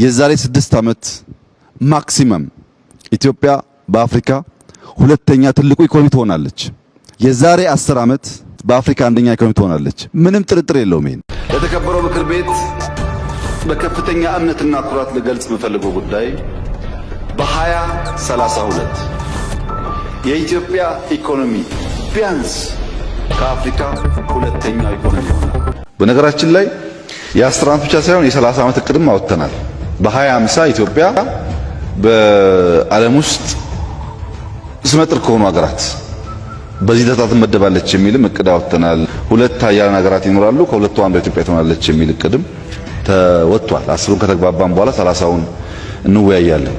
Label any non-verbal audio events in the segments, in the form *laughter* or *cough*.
የዛሬ ስድስት ዓመት ማክሲመም ኢትዮጵያ በአፍሪካ ሁለተኛ ትልቁ ኢኮኖሚ ትሆናለች። የዛሬ አስር ዓመት በአፍሪካ አንደኛ ኢኮኖሚ ትሆናለች። ምንም ጥርጥር የለውም። ይሄን ለተከበረው ምክር ቤት በከፍተኛ እምነትና ኩራት ልገልጽ የምፈልገው ጉዳይ በ2032 የኢትዮጵያ ኢኮኖሚ ቢያንስ ከአፍሪካ ሁለተኛ ኢኮኖሚ ይሆናል። በነገራችን ላይ የአስር ዓመት ብቻ ሳይሆን የሰላሳ ዓመት እቅድም አወጥተናል። በ2050 ኢትዮጵያ በዓለም ውስጥ ስመጥር ከሆኑ ሀገራት በዚህ ደረጃ ትመደባለች የሚልም እቅድ አወጥተናል። ሁለት ሀያላን ሀገራት ይኖራሉ፣ ከሁለቱ አንዷ ኢትዮጵያ ትሆናለች የሚል እቅድም ተወጥቷል። አስሩን ከተግባባን በኋላ ሰላሳውን እንወያያለን።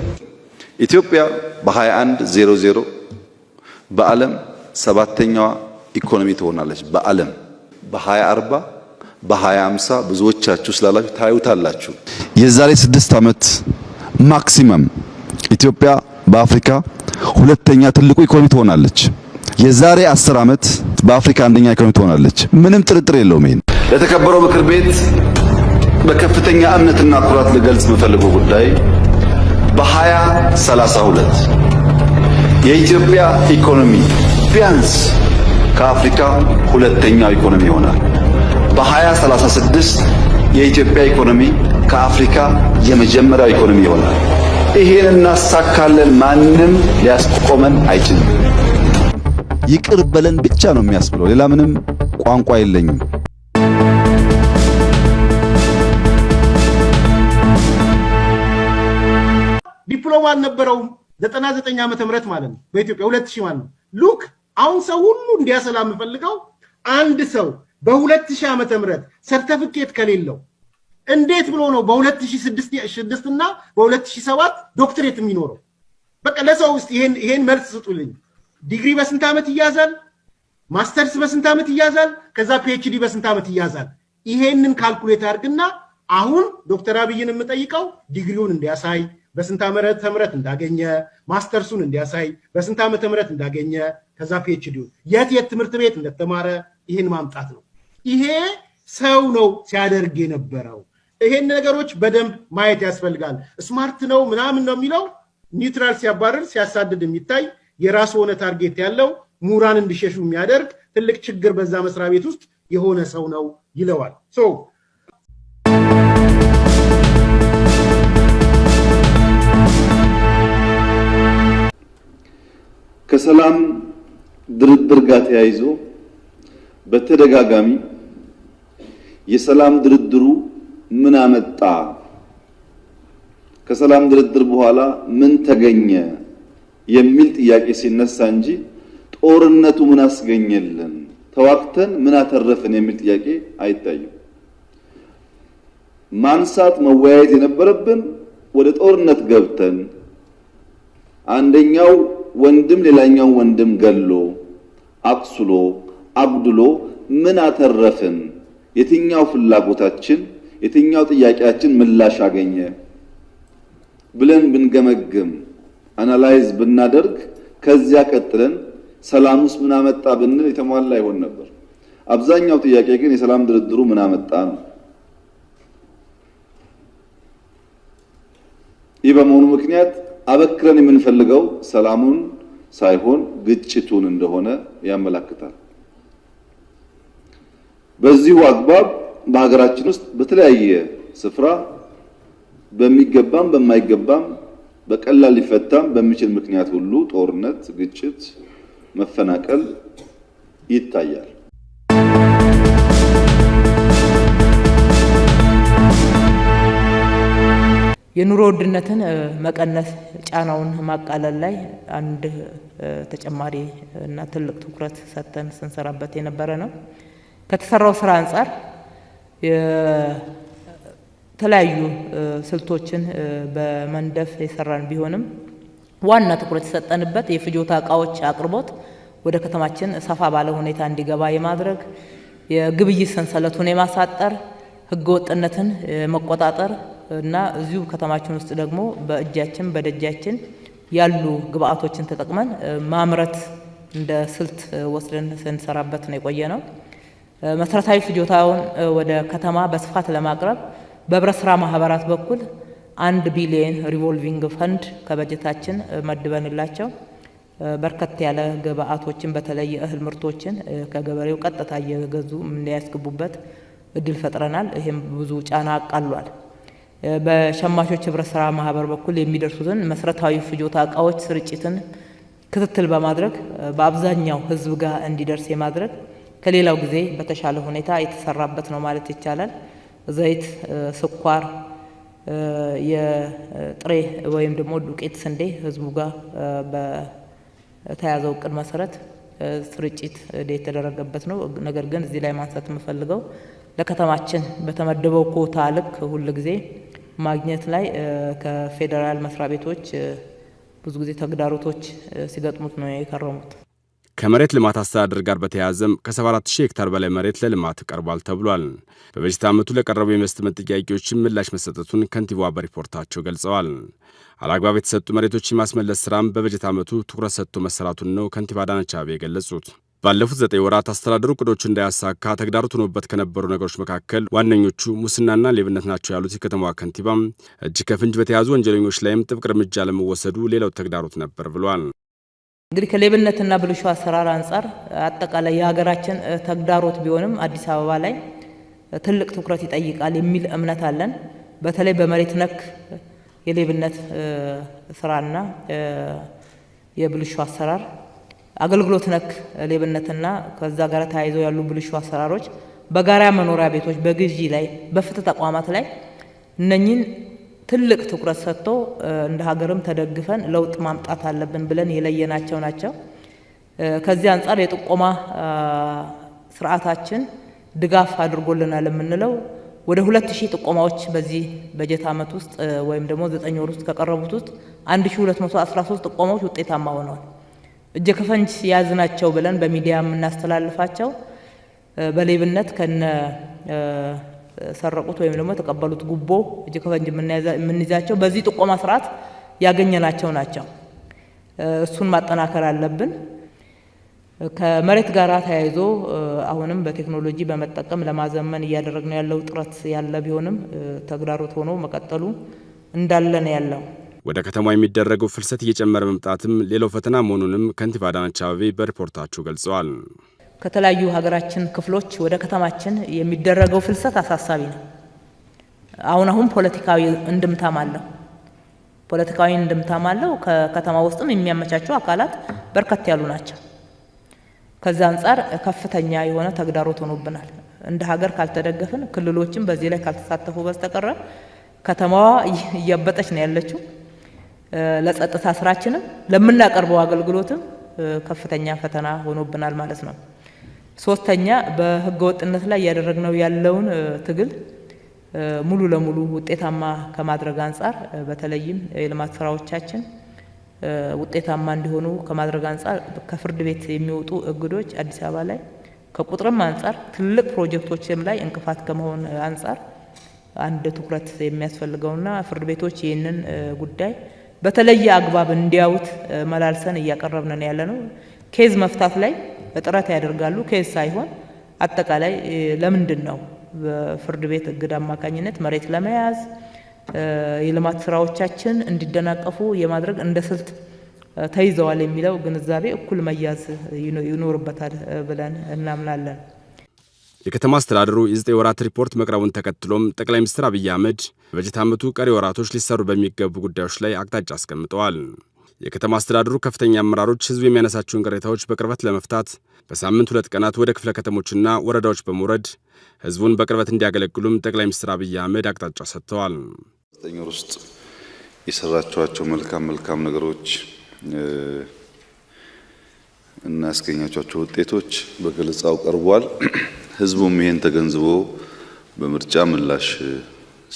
ኢትዮጵያ በ2100 በዓለም ሰባተኛዋ ኢኮኖሚ ትሆናለች። በዓለም በ2040 በ2050 ብዙዎቻችሁ ስላላችሁ ታዩታላችሁ። የዛሬ ስድስት ዓመት ማክሲመም ኢትዮጵያ በአፍሪካ ሁለተኛ ትልቁ ኢኮኖሚ ትሆናለች። የዛሬ አስር ዓመት በአፍሪካ አንደኛ ኢኮኖሚ ትሆናለች። ምንም ጥርጥር የለውም። ይሄን ለተከበረው ምክር ቤት በከፍተኛ እምነትና ኩራት ልገልጽ የምፈልገው ጉዳይ በ 2032 የኢትዮጵያ ኢኮኖሚ ቢያንስ ከአፍሪካ ሁለተኛው ኢኮኖሚ ይሆናል። በ2036 የኢትዮጵያ ኢኮኖሚ ከአፍሪካ የመጀመሪያው ኢኮኖሚ ይሆናል። ይሄን እናሳካለን፣ ማንም ሊያስቆመን አይችልም። ይቅር በለን ብቻ ነው የሚያስብለው። ሌላ ምንም ቋንቋ የለኝም። ዲፕሎማ አልነበረውም። 99 ዓመተ ምህረት ማለት ነው በኢትዮጵያ 2000 ማለት ነው። ሉክ አሁን ሰው ሁሉ እንዲያሰላ የምፈልገው አንድ ሰው በ2000 ዓመተ ምህረት ሰርተፍኬት ከሌለው እንዴት ብሎ ነው በ2006 እና በ2007 ዶክትሬት የሚኖረው? በቃ ለሰው ውስጥ ይሄን መልስ ስጡልኝ። ዲግሪ በስንት ዓመት ይያዛል? ማስተርስ በስንት ዓመት ይያዛል? ከዛ ፒኤችዲ በስንት ዓመት ይያዛል? ይሄንን ካልኩሌት አድርግና አሁን ዶክተር አብይን የምጠይቀው ዲግሪውን እንዲያሳይ በስንት ዓመተ ምህረት እንዳገኘ፣ ማስተርሱን እንዲያሳይ በስንት ዓመተ ምህረት እንዳገኘ፣ ከዛ ፒኤችዲውን የት የት ትምህርት ቤት እንደተማረ ይህን ማምጣት ነው። ይሄ ሰው ነው ሲያደርግ የነበረው። ይሄን ነገሮች በደንብ ማየት ያስፈልጋል። ስማርት ነው ምናምን ነው የሚለው ኒውትራል ሲያባርር ሲያሳድድ የሚታይ የራሱ ሆነ ታርጌት ያለው ምሁራን እንዲሸሹ የሚያደርግ ትልቅ ችግር በዛ መስሪያ ቤት ውስጥ የሆነ ሰው ነው ይለዋል። ከሰላም ድርድር ጋር ተያይዞ በተደጋጋሚ የሰላም ድርድሩ ምን አመጣ? ከሰላም ድርድር በኋላ ምን ተገኘ? የሚል ጥያቄ ሲነሳ እንጂ ጦርነቱ ምን አስገኘልን፣ ተዋግተን ምን አተረፍን የሚል ጥያቄ አይታይም። ማንሳት መወያየት የነበረብን ወደ ጦርነት ገብተን አንደኛው ወንድም ሌላኛው ወንድም ገሎ አቁስሎ አጉድሎ ምን አተረፍን? የትኛው ፍላጎታችን የትኛው ጥያቄያችን ምላሽ አገኘ ብለን ብንገመግም አናላይዝ ብናደርግ ከዚያ ቀጥለን ሰላም ውስጥ ምን አመጣ ብንል የተሟላ ይሆን ነበር። አብዛኛው ጥያቄ ግን የሰላም ድርድሩ ምን አመጣ ነው። ይህ በመሆኑ ምክንያት አበክረን የምንፈልገው ሰላሙን ሳይሆን ግጭቱን እንደሆነ ያመላክታል። በዚሁ አግባብ በሀገራችን ውስጥ በተለያየ ስፍራ በሚገባም በማይገባም በቀላል ሊፈታም በሚችል ምክንያት ሁሉ ጦርነት፣ ግጭት፣ መፈናቀል ይታያል። የኑሮ ውድነትን መቀነስ ጫናውን ማቃለል ላይ አንድ ተጨማሪ እና ትልቅ ትኩረት ሰጥተን ስንሰራበት የነበረ ነው። ከተሰራው ስራ አንጻር የተለያዩ ስልቶችን በመንደፍ የሰራን ቢሆንም ዋና ትኩረት የሰጠንበት የፍጆታ እቃዎች አቅርቦት ወደ ከተማችን ሰፋ ባለ ሁኔታ እንዲገባ የማድረግ የግብይት ሰንሰለቱን የማሳጠር ህገወጥነትን መቆጣጠር እና እዚሁ ከተማችን ውስጥ ደግሞ በእጃችን በደጃችን ያሉ ግብአቶችን ተጠቅመን ማምረት እንደ ስልት ወስደን ስንሰራበት ነው የቆየ ነው። መሰረታዊ ፍጆታውን ወደ ከተማ በስፋት ለማቅረብ በህብረት ስራ ማህበራት በኩል አንድ ቢሊየን ሪቮልቪንግ ፈንድ ከበጀታችን መድበንላቸው በርከት ያለ ግብአቶችን በተለይ እህል ምርቶችን ከገበሬው ቀጥታ እየገዙ እንዲያስገቡበት እድል ፈጥረናል። ይህም ብዙ ጫና አቃሏል። በሸማቾች ህብረት ስራ ማህበር በኩል የሚደርሱትን መሰረታዊ ፍጆታ እቃዎች ስርጭትን ክትትል በማድረግ በአብዛኛው ህዝብ ጋር እንዲደርስ የማድረግ ከሌላው ጊዜ በተሻለ ሁኔታ የተሰራበት ነው ማለት ይቻላል። ዘይት፣ ስኳር፣ የጥሬ ወይም ደግሞ ዱቄት ስንዴ ህዝቡ ጋር በተያዘው እቅድ መሰረት ስርጭት የተደረገበት ነው። ነገር ግን እዚህ ላይ ማንሳት የምፈልገው ለከተማችን በተመደበው ኮታ ልክ ሁል ጊዜ ማግኘት ላይ ከፌዴራል መስሪያ ቤቶች ብዙ ጊዜ ተግዳሮቶች ሲገጥሙት ነው የከረሙት። ከመሬት ልማት አስተዳደር ጋር በተያያዘም ከ74000 ሄክታር በላይ መሬት ለልማት ቀርቧል ተብሏል። በበጀት ዓመቱ ለቀረቡ የኢንቨስትመንት ጥያቄዎችን ምላሽ መሰጠቱን ከንቲባዋ በሪፖርታቸው ገልጸዋል። አላግባብ የተሰጡ መሬቶችን ማስመለስ ስራም በበጀት ዓመቱ ትኩረት ሰጥቶ መሰራቱን ነው ከንቲባ አዳነች አቤቤ የገለጹት። ባለፉት ዘጠኝ ወራት አስተዳደሩ እቅዶቹ እንዳያሳካ ተግዳሮት ሆኖበት ከነበሩ ነገሮች መካከል ዋነኞቹ ሙስናና ሌብነት ናቸው ያሉት የከተማዋ ከንቲባም እጅ ከፍንጅ በተያዙ ወንጀለኞች ላይም ጥብቅ እርምጃ ለመወሰዱ ሌላው ተግዳሮት ነበር ብሏል። እንግዲህ ከሌብነትና ብልሹ አሰራር አንጻር አጠቃላይ የሀገራችን ተግዳሮት ቢሆንም አዲስ አበባ ላይ ትልቅ ትኩረት ይጠይቃል የሚል እምነት አለን። በተለይ በመሬት ነክ የሌብነት ስራና የብልሹ አሰራር አገልግሎት ነክ ሌብነትና ከዛ ጋር ተያይዞ ያሉ ብልሹ አሰራሮች በጋራ መኖሪያ ቤቶች፣ በግዢ ላይ፣ በፍትህ ተቋማት ላይ እነኚህን ትልቅ ትኩረት ሰጥቶ እንደ ሀገርም ተደግፈን ለውጥ ማምጣት አለብን ብለን የለየናቸው ናቸው። ከዚህ አንጻር የጥቆማ ስርዓታችን ድጋፍ አድርጎልናል የምንለው ወደ ሁለት ሺህ ጥቆማዎች በዚህ በጀት ዓመት ውስጥ ወይም ደግሞ ዘጠኝ ወር ውስጥ ከቀረቡት ውስጥ አንድ ሺህ ሁለት መቶ አስራ ሶስት ጥቆማዎች ውጤታማ ሆነዋል። እጀ ከፈንጅ ናቸው ብለን በሚዲያ የምናስተላልፋቸው በሌብነት ከነ ሰረቁት ወይም ደግሞ የተቀበሉት ጉቦ እጅ ከፈንጅ የምንይዛቸው በዚህ ጥቆማ ስርዓት ያገኘናቸው ናቸው። እሱን ማጠናከር አለብን። ከመሬት ጋር ተያይዞ አሁንም በቴክኖሎጂ በመጠቀም ለማዘመን እያደረግነው ያለው ጥረት ያለ ቢሆንም ተግዳሮት ሆኖ መቀጠሉ እንዳለን ያለው። ወደ ከተማ የሚደረገው ፍልሰት እየጨመረ መምጣትም ሌላው ፈተና መሆኑንም ከንቲባ አዳነች አቤቤ በሪፖርታቸው ገልጸዋል። ከተለያዩ ሀገራችን ክፍሎች ወደ ከተማችን የሚደረገው ፍልሰት አሳሳቢ ነው። አሁን አሁን ፖለቲካዊ እንድምታም አለው ፖለቲካዊ እንድምታም አለው። ከከተማ ውስጥም የሚያመቻቸው አካላት በርከት ያሉ ናቸው። ከዛ አንጻር ከፍተኛ የሆነ ተግዳሮት ሆኖብናል። እንደ ሀገር ካልተደገፍን፣ ክልሎችም በዚህ ላይ ካልተሳተፉ በስተቀረ ከተማዋ እያበጠች ነው ያለችው። ለጸጥታ ስራችንም ለምናቀርበው አገልግሎትም ከፍተኛ ፈተና ሆኖብናል ማለት ነው። ሶስተኛ በህገወጥነት ላይ እያደረግነው ያለውን ትግል ሙሉ ለሙሉ ውጤታማ ከማድረግ አንጻር በተለይም የልማት ስራዎቻችን ውጤታማ እንዲሆኑ ከማድረግ አንጻር ከፍርድ ቤት የሚወጡ እግዶች አዲስ አበባ ላይ ከቁጥርም አንጻር ትልቅ ፕሮጀክቶችም ላይ እንቅፋት ከመሆን አንጻር አንድ ትኩረት የሚያስፈልገውና ፍርድ ቤቶች ይህንን ጉዳይ በተለየ አግባብ እንዲያዩት መላልሰን እያቀረብን ያለ ነው። ኬዝ መፍታት ላይ ጥረት ያደርጋሉ። ኬስ ሳይሆን አጠቃላይ ለምንድን ነው በፍርድ ቤት እግድ አማካኝነት መሬት ለመያዝ የልማት ስራዎቻችን እንዲደናቀፉ የማድረግ እንደ ስልት ተይዘዋል የሚለው ግንዛቤ እኩል መያዝ ይኖርበታል ብለን እናምናለን። የከተማ አስተዳደሩ የዘጠኝ ወራት ሪፖርት መቅረቡን ተከትሎም ጠቅላይ ሚኒስትር አብይ አህመድ በበጀት ዓመቱ ቀሪ ወራቶች ሊሰሩ በሚገቡ ጉዳዮች ላይ አቅጣጫ አስቀምጠዋል። የከተማ አስተዳደሩ ከፍተኛ አመራሮች ህዝብ የሚያነሳቸውን ቅሬታዎች በቅርበት ለመፍታት በሳምንት ሁለት ቀናት ወደ ክፍለ ከተሞችና ወረዳዎች በመውረድ ህዝቡን በቅርበት እንዲያገለግሉም ጠቅላይ ሚኒስትር አብይ አህመድ አቅጣጫ ሰጥተዋል። ዘጠኝ ወር ውስጥ የሰራችኋቸው መልካም መልካም ነገሮች እና ያስገኛቸዋቸው ውጤቶች በገለጻው ቀርቧል። *clears throat* ህዝቡም ይሄን ተገንዝቦ በምርጫ ምላሽ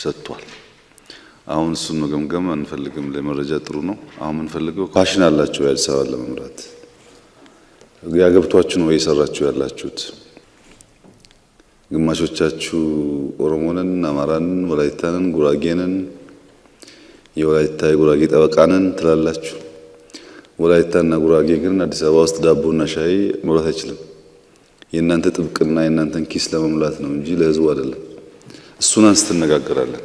ሰጥቷል። አሁን እሱን መገምገም አንፈልግም። ለመረጃ ጥሩ ነው። አሁን የምንፈልገው ፋሽን አላቸው የአዲስ አበባ ለመምራት ያገብቷችሁ ነው እየሰራችሁ ያላችሁት። ግማሾቻችሁ ኦሮሞንን፣ አማራንን፣ ወላይታንን፣ ጉራጌንን የወላይታ የጉራጌ ጠበቃንን ትላላችሁ። ወላይታና ጉራጌ ግን አዲስ አበባ ውስጥ ዳቦና ሻይ መብላት አይችልም። የእናንተ ጥብቅና የእናንተን ኪስ ለመሙላት ነው እንጂ ለህዝቡ አይደለም። እሱን አንስተነጋገራለን።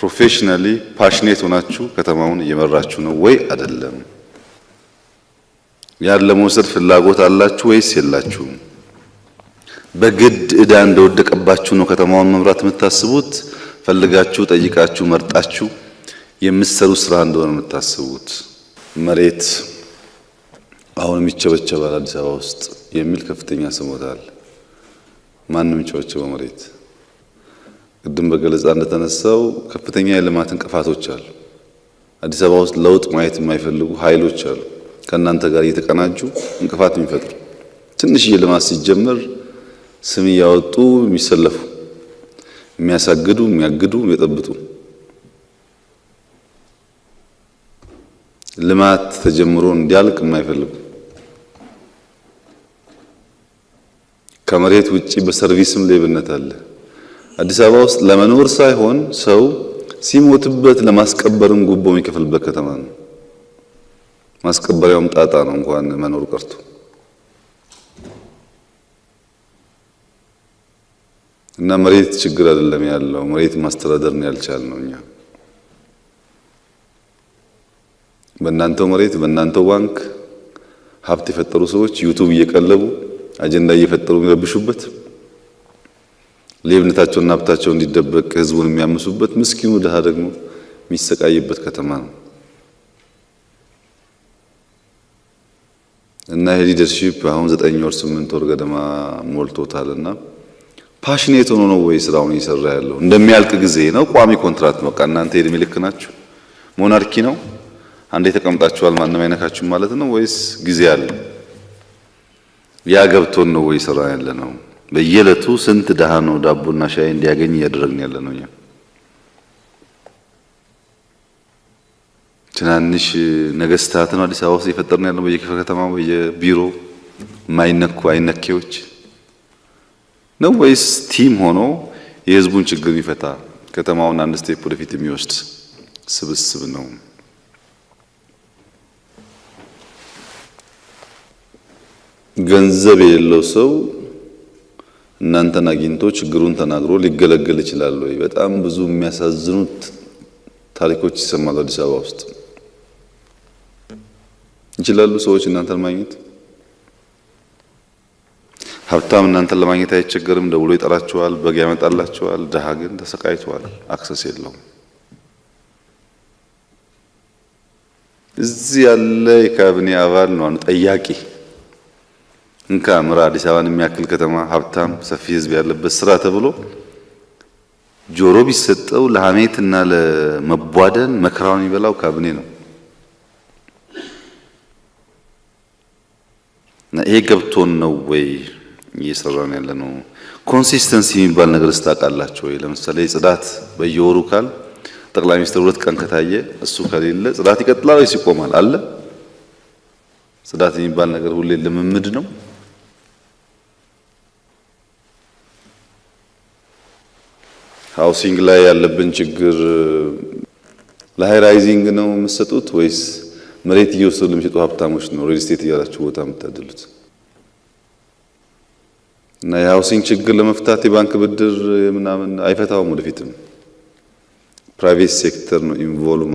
ፕሮፌሽናሊ ፓሽኔት ሆናችሁ ከተማውን እየመራችሁ ነው ወይ አይደለም? ያን ለመውሰድ ፍላጎት አላችሁ ወይስ የላችሁም? በግድ እዳ እንደወደቀባችሁ ነው ከተማውን መምራት የምታስቡት? ፈልጋችሁ ጠይቃችሁ መርጣችሁ የምትሰሩ ስራ እንደሆነ የምታስቡት? መሬት አሁንም ይቸበቸባል አዲስ አበባ ውስጥ የሚል ከፍተኛ ስሞታል። ማንም ይቸበቸበው መሬት ቅድም በገለጻ እንደተነሳው ከፍተኛ የልማት እንቅፋቶች አሉ። አዲስ አበባ ውስጥ ለውጥ ማየት የማይፈልጉ ኃይሎች አሉ፣ ከእናንተ ጋር እየተቀናጁ እንቅፋት የሚፈጥሩ ትንሽዬ ልማት ሲጀመር ስም እያወጡ የሚሰለፉ የሚያሳግዱ፣ የሚያግዱ፣ የሚጠብጡ ልማት ተጀምሮ እንዲያልቅ የማይፈልጉ ከመሬት ውጪ በሰርቪስም ሌብነት አለ። አዲስ አበባ ውስጥ ለመኖር ሳይሆን ሰው ሲሞትበት ለማስቀበርም ጉቦ የሚከፍልበት ከተማ ነው። ማስቀበሪያውም ጣጣ ነው፣ እንኳን መኖር ቀርቶ። እና መሬት ችግር አይደለም ያለው፣ መሬት ማስተዳደር ነው ያልቻልነው እኛ። በእናንተው መሬት በእናንተው ባንክ ሀብት የፈጠሩ ሰዎች ዩቱብ እየቀለቡ አጀንዳ እየፈጠሩ የሚረብሹበት ሌብነታቸውና ሀብታቸው እንዲደበቅ ህዝቡን የሚያምሱበት፣ ምስኪኑ ድሃ ደግሞ የሚሰቃይበት ከተማ ነው እና ይሄ ሊደርሺፕ አሁን ዘጠኝ ወር ስምንት ወር ገደማ ሞልቶታል እና ፓሽኔት ሆኖ ነው ወይ ስራውን እየሰራ ያለው? እንደሚያልቅ ጊዜ ነው ቋሚ ኮንትራት በቃ እናንተ የእድሜ ልክ ናችሁ ሞናርኪ ነው አንዴ ተቀምጣችኋል ማንም አይነካችሁም ማለት ነው ወይስ ጊዜ አለ? ያ ገብቶን ነው ወይ ስራ ያለ ነው? በየዕለቱ ስንት ድሃ ነው ዳቦና ሻይ እንዲያገኝ እያደረግን ያለ ነው። ትናንሽ ነገስታት ነው አዲስ አበባ ውስጥ እየፈጠርን ያለው በየክፍለ ከተማው በየቢሮ የማይነኩ አይነኬዎች ነው ወይስ ቲም ሆኖ የህዝቡን ችግር የሚፈታ ከተማውን አንድ ስቴፕ ወደፊት የሚወስድ ስብስብ ነው? ገንዘብ የሌለው ሰው እናንተን አግኝቶ ችግሩን ተናግሮ ሊገለገል ይችላል ወይ? በጣም ብዙ የሚያሳዝኑት ታሪኮች ይሰማሉ። አዲስ አበባ ውስጥ ይችላሉ ሰዎች እናንተን ማግኘት። ሀብታም እናንተን ለማግኘት አይቸገርም፣ ደውሎ ይጠራችኋል፣ በግ ያመጣላችኋል። ድሃ ግን ተሰቃይቷል፣ አክሰስ የለውም። እዚህ ያለ የካቢኔ አባል ነው ጠያቂ እንካ ምራ አዲስ አበባን የሚያክል ከተማ ሀብታም ሰፊ ህዝብ ያለበት ስራ ተብሎ ጆሮ ቢሰጠው ለሀሜትና ለመቧደን መከራውን የሚበላው ካቢኔ ነው። ይሄ ገብቶን ነው ወይ እየሰራን ያለ ነው? ኮንሲስተንሲ የሚባል ነገር ስታውቃላችሁ ወይ? ለምሳሌ ጽዳት በየወሩ ካል ጠቅላይ ሚኒስትር ሁለት ቀን ከታየ እሱ ከሌለ ጽዳት ይቀጥላል ወይስ ይቆማል? አለ ጽዳት የሚባል ነገር ሁሌ ልምምድ ነው። ሃውሲንግ ላይ ያለብን ችግር ለሃይ ራይዚንግ ነው የምትሰጡት ወይስ መሬት እየወሰዱ ለሚሸጡ ሀብታሞች ነው ሪል ስቴት እያላችሁ ቦታ የምታደሉት? እና የሃውሲንግ ችግር ለመፍታት የባንክ ብድር ምናምን አይፈታውም። ወደፊትም ፕራይቬት ሴክተር ነው ኢንቮልቭ